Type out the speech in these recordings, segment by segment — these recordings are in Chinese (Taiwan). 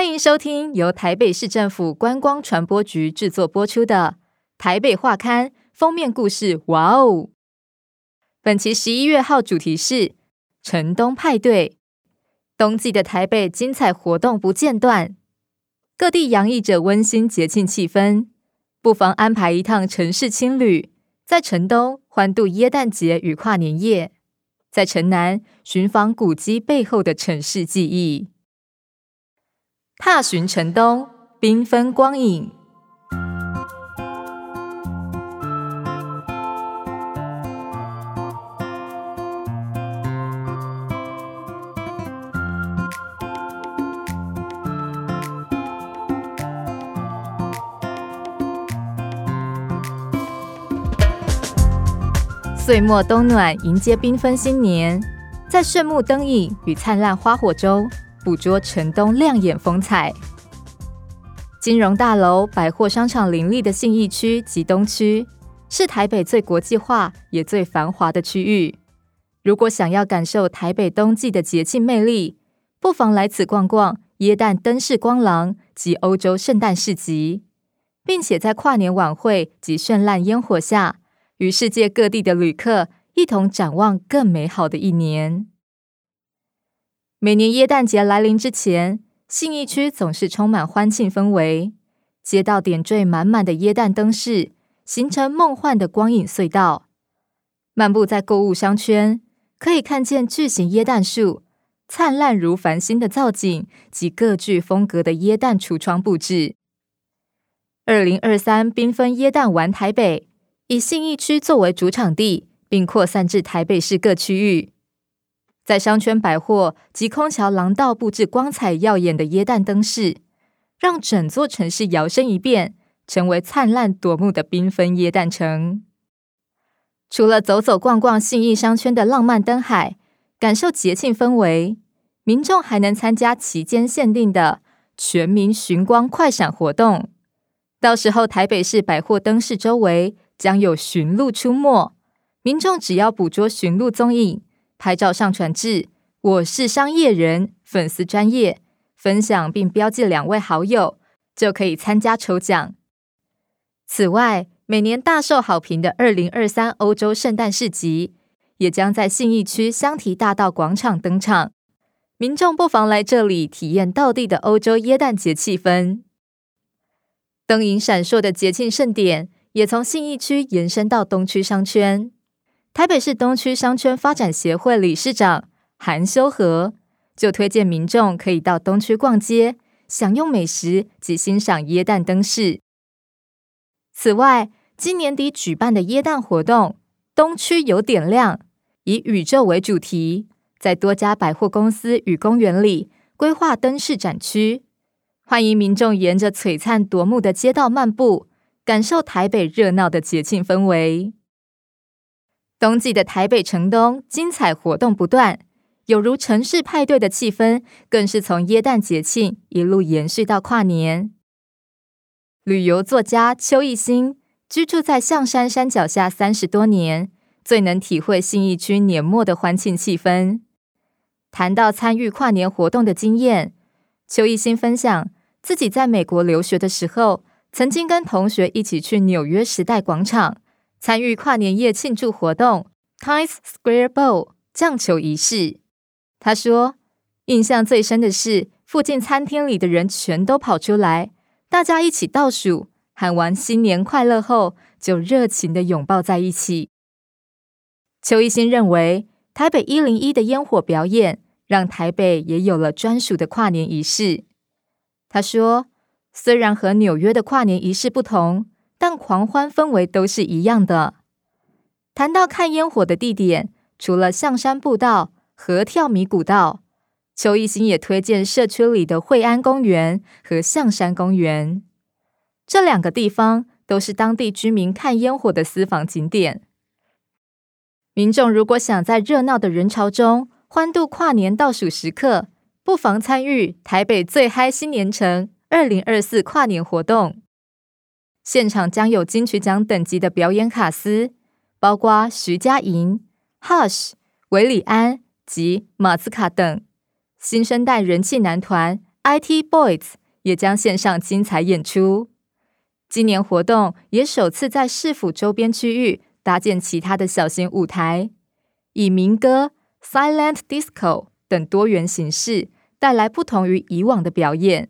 歡迎收聽由台北市政府觀光傳播局製作播出的《台北畫刊》封面故事。哇哦！本期十一月號主題是城冬派對。冬季的台北，精彩活動不間斷，各地洋溢着溫馨節慶氣氛。不妨安排一趟城市青旅，在城東歡度耶誕節與跨年夜；在城南尋訪古蹟背後的城市記憶。踏尋城東，繽紛光影。歲末冬暖，迎接繽紛新年，在炫目燈影與燦爛花火中，捕捉城東亮眼風采，金融大樓、百貨商場林立的信義區及東區，是台北最國際化也最繁華的區域。如果想要感受台北冬季的節慶魅力，不妨來此逛逛耶誕燈飾光廊及歐洲聖誕市集，並且在跨年晚會及絢爛爛煙火下，與世界各地的旅客一同展望更美好的一年。每年耶誕節來臨之前，信義區總是充滿歡慶氛圍，街道點綴滿滿的耶誕燈飾，形成夢幻的光影隧道。漫步在購物商圈，可以看見巨型耶誕樹、燦爛如繁星的造景及各具風格的耶誕櫥窗布置。二零二三繽紛耶誕玩台北，以信義區作為主場地，並擴散至台北市各區域。在商圈、百貨及空橋廊道，布置光彩耀眼的耶誕燈飾，讓整座城市搖身一變，成為燦爛奪目的繽紛耶誕城。除了走走逛逛信義商圈的浪漫燈海，感受節慶氛圍，民眾還能參加期間限定的全民尋光快閃活動。到時候，台北市百貨燈飾周圍將有尋鹿出沒，民眾只要捕捉尋鹿蹤影。拍照上傳至“我是商業人”粉絲專業，分享並標記兩位好友，就可以參加抽獎。此外，每年大受好評的二零二三歐洲聖誕市集，也將在信義區香堤大道廣場登場。民眾不妨來這裡體驗道地的歐洲耶誕節氣氛。燈影閃爍的節慶盛典也從信義區延伸到東區商圈。台北市東區商圈發展協會理事長韓修和就推薦民眾可以到東區逛街，享用美食及欣賞耶誕燈飾。此外，今年底舉辦的耶誕活動，東區有點亮，以宇宙為主題，在多家百貨公司與公園裡規劃燈飾展區，歡迎民眾沿着璀璨奪目的街道漫步，感受台北熱鬧的節慶氛圍。冬季的台北城東，精彩活動不斷，有如城市派對的氣氛，更是從耶誕節慶一路延續到跨年。旅遊作家邱一新居住在象山山腳下三十多年，最能體會信義區年末的歡慶氣氛。談到參與跨年活動的經驗，邱一新分享自己在美國留學的時候，曾經跟同學一起去紐約時代廣場。參與跨年夜慶祝活動，Times Square Ball 降球儀式。他說，印象最深的是附近餐廳裡的人全都跑出來，大家一起倒數，喊完“新年快樂”後，就熱情的擁抱在一起。邱一新認為，台北一零一的煙火表演讓台北也有了專屬的跨年儀式。他說，雖然和紐約的跨年儀式不同，狂歡氛圍都是一樣的。談到看煙火的地點，除了象山步道和跳米古道，邱義心也推薦社區裡的惠安公園和象山公園這兩個地方，都是當地居民看煙火的私房景點。民眾如果想在熱鬧的人潮中歡度跨年倒數時刻，不妨參與台北最嗨新年城二零二四跨年活動。現場將有金曲獎等級的表演卡司，包括徐佳瑩、Hush、韋禮安及馬斯卡等新生代人氣男團 IT Boys 也將獻上精彩演出。今年活動也首次在市府周邊區域搭建其他的小型舞台，以民歌、Silent Disco 等多元形式帶來不同於以往的表演，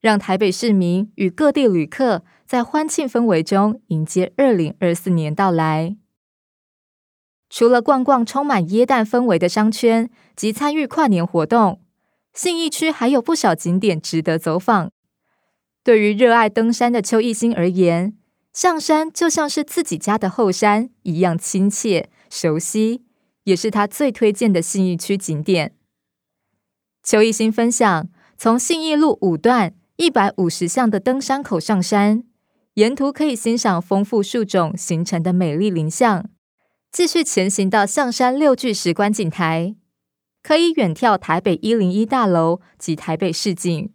讓台北市民與各地旅客。在歡慶氛圍中迎接二零二四年到來。除了逛逛充滿耶誕氛圍的商圈及參與跨年活動，信義區還有不少景點值得走訪。對於熱愛登山的邱一新而言，象山就像是自己家的後山一樣親切熟悉，也是他最推薦的信義區景點。邱一新分享，從信義路五段一百五十巷的登山口上山。沿途可以欣賞豐富樹種形成的美麗林相，繼續前行到象山六巨石觀景台，可以遠眺台北一零一大樓及台北市景。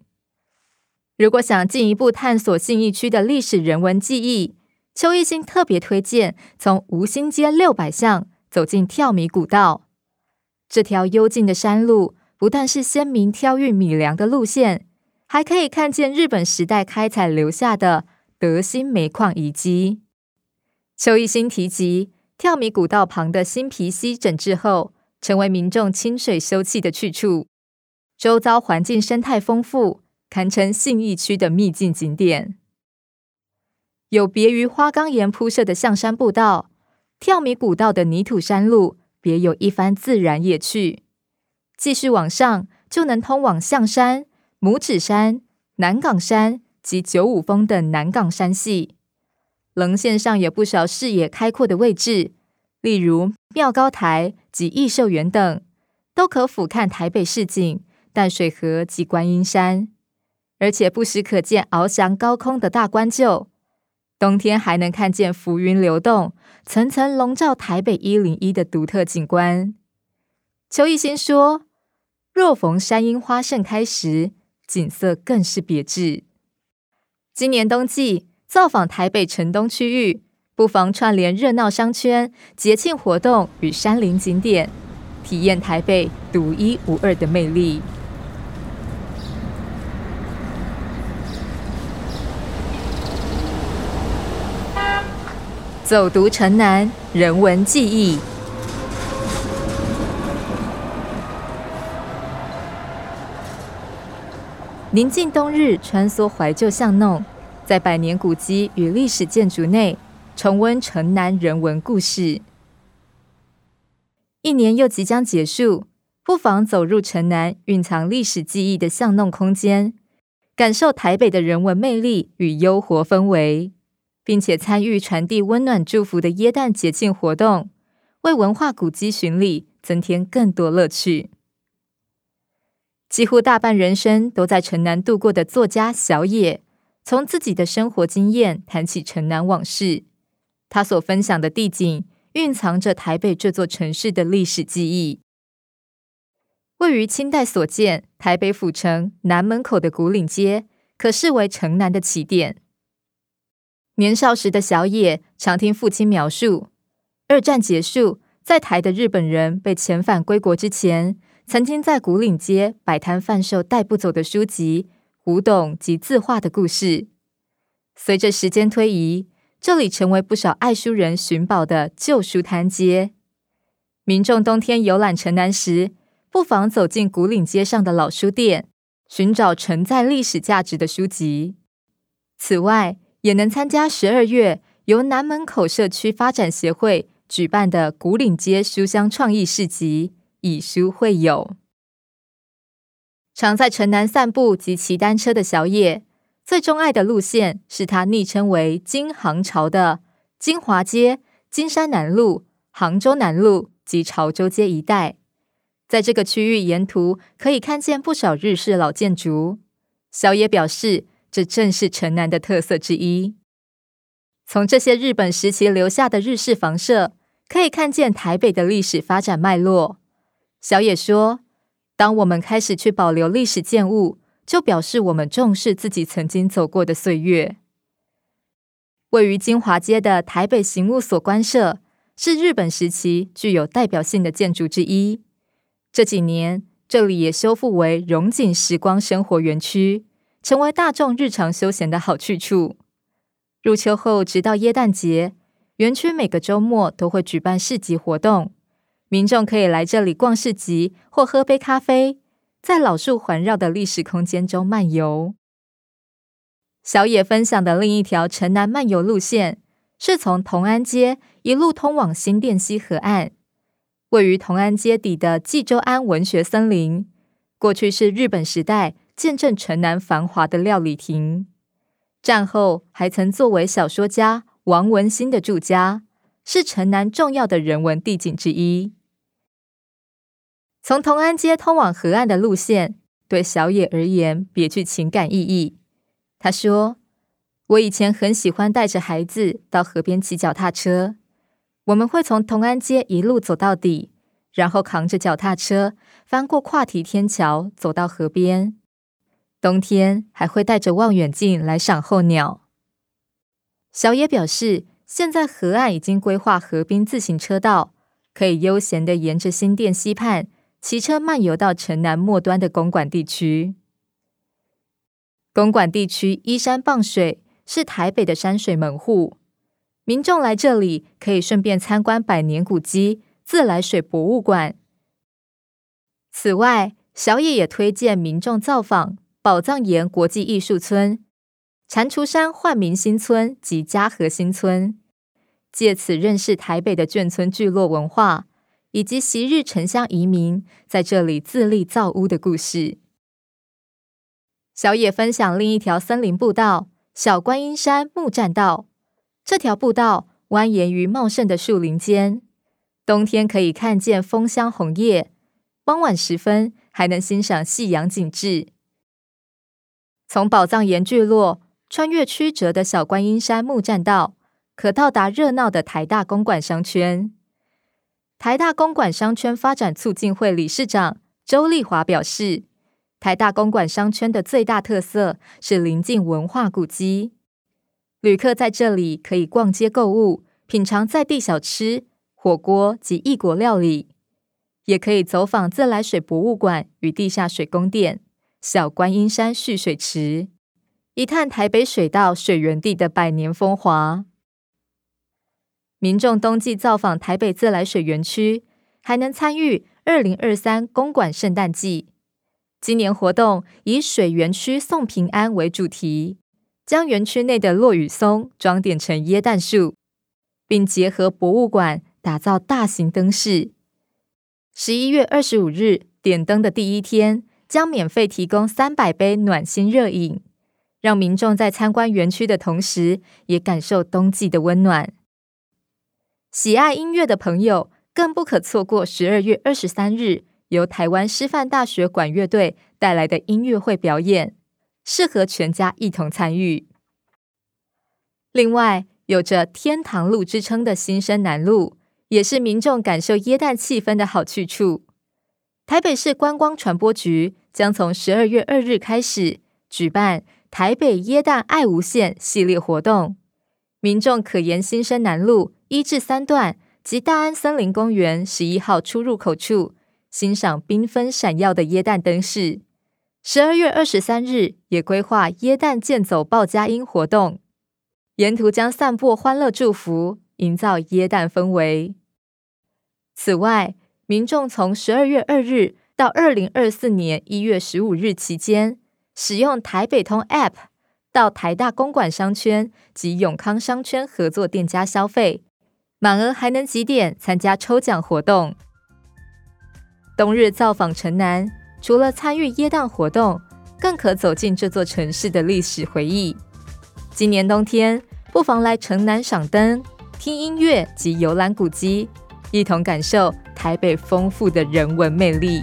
如果想進一步探索信義區的歷史人文記憶，邱一新特別推薦從吳興街六百巷走進挑米古道。這條幽靜的山路不但是先民挑運米糧的路線，還可以看見日本時代開採留下的。德興煤礦遺跡。邱一新提及跳米古道旁的新皮溪整治後，成為民眾親水休憩的去處。周遭環境生態豐富，堪稱信義區的秘境景點。有別於花崗岩鋪設的象山步道，跳米古道的泥土山路別有一番自然野趣。繼續往上，就能通往象山、拇指山、南港山。及九五峰等南港山系稜線上有不少視野開闊的位置，例如妙高台及益壽園等，都可俯瞰台北市景、淡水河及觀音山，而且不時可見翱翔高空的大冠鷲。冬天還能看見浮雲流動，層層籠罩台北一零一的獨特景觀。邱逸仙說，若逢山櫻花盛開時，景色更是別致。今年冬季造訪台北城東區域，不妨串聯熱鬧商圈、節慶活動與山林景點，體驗台北獨一無二的魅力。走讀城南，人文記憶。臨近冬日，穿梭懷舊巷弄，在百年古蹟與歷史建築內，重溫城南人文故事。一年又即將結束，不妨走入城南蘊藏歷史記憶的巷弄空間，感受台北的人文魅力與幽活氛圍，並且參與傳遞溫暖祝福的耶誕節慶活動，為文化古蹟巡禮增添更多樂趣。幾乎大半人生都在城南度過的作家小野，從自己的生活經驗談起城南往事。他所分享的地景，蘊藏着台北這座城市的歷史記憶。位於清代所建台北府城南門口的牯嶺街，可視為城南的起點。年少時的小野，常聽父親描述：二戰結束，在台的日本人被遣返歸國之前。曾經在牯嶺街擺攤販售帶不走的書籍、古董及字畫的故事。隨着時間推移，這裡成為不少愛書人尋寶的舊書攤街。民眾冬天遊覽城南時，不妨走進牯嶺街上的老書店，尋找存在歷史價值的書籍。此外，也能參加十二月由南門口社區發展協會舉辦的牯嶺街書香創意市集。以書會友，常在城南散步及騎單車的小野，最鍾愛的路線是他昵稱為“金杭潮”的金華街、金山南路、杭州南路及潮州街一帶。在這個區域，沿途可以看見不少日式老建築。小野表示，這正是城南的特色之一。從這些日本時期留下的日式房舍，可以看見台北的歷史發展脈絡。小野說：“當我們開始去保留歷史建物，就表示我們重視自己曾經走過的歲月。”位於金華街的台北刑務所官舍，是日本時期具有代表性的建築之一。這幾年，這裡也修復為榕錦時光生活園區，成為大眾日常休閒的好去處。入秋後，直到耶誕節，園區每個週末都會舉辦市集活動。民眾可以來這裡逛市集或喝杯咖啡，在老樹環繞的歷史空間中漫遊。小野分享的另一條城南漫遊路線，是從同安街一路通往新店溪河岸。位於同安街底的紀州庵文學森林，過去是日本時代見證城南繁華的料理亭，戰後還曾作為小說家王文興的住家，是城南重要的人文地景之一。從同安街通往河岸的路線，對小野而言別具情感意義。他說：“我以前很喜歡帶着孩子到河邊騎腳踏車，我們會從同安街一路走到底，然後扛着腳踏車翻過跨堤天橋走到河邊。冬天還會帶着望遠鏡來賞候鳥。”小野表示。現在河岸已經規劃河濱自行車道，可以悠閒地沿着新店溪畔騎車漫遊到城南末端的公館地區。公館地區依山傍水，是台北的山水門戶。民眾來這裡可以順便參觀百年古蹟自來水博物館。此外，小野也推薦民眾造訪寶藏岩國際藝術村。蟾蜍山煥民新村及嘉禾新村，借此認識台北的眷村聚落文化，以及昔日城鄉移民在這裡自立造屋的故事。小野分享另一條森林步道——小觀音山木棧道。這條步道蜿蜒於茂盛的樹林間，冬天可以看見楓香紅葉，傍晚時分還能欣賞夕陽景致。從寶藏岩聚落，穿越曲折的小觀音山木棧道，可到達熱鬧的台大公館商圈。台大公館商圈發展促進會理事長周麗華表示，台大公館商圈的最大特色是鄰近文化古蹟。旅客在這裡可以逛街購物、品嘗在地小吃、火鍋及異國料理，也可以走訪自來水博物館與地下水宮殿、小觀音山蓄水池。一探台北水道水源地的百年風華。民眾冬季造訪台北自來水園區，還能參與二零二三公館聖誕季。今年活動以水源區送平安為主題，將園區內的落羽松裝點成耶誕樹，並結合博物館打造大型燈飾。十一月二十五日點燈的第一天，將免費提供三百杯暖心熱飲。讓民眾在參觀園區的同時，也感受冬季的溫暖。喜愛音樂的朋友更不可錯過十二月二十三日由台灣師範大學管樂隊帶來的音樂會表演，適合全家一同參與。另外，有着“天堂路”之稱的新生南路，也是民眾感受耶誕氣氛的好去處。台北市觀光傳播局將從十二月二日開始舉辦。台北耶誕愛無限系列活動，民眾可沿新生南路一至三段及大安森林公園十一號出入口處欣賞繽紛閃耀的耶誕燈飾。十二月二十三日也規劃耶誕健走報佳音活動，沿途將散播歡樂祝福，營造耶誕氛圍。此外，民眾從十二月二日到二零二四年一月十五日期間，使用台北通 App 到台大公館商圈及永康商圈合作店家消費，滿額還能集點參加抽獎活動。冬日造訪城南，除了參與耶誕活動，更可走進這座城市的歷史回憶。今年冬天，不妨來城南賞燈、聽音樂及遊覽古蹟，一同感受台北豐富的人文魅力。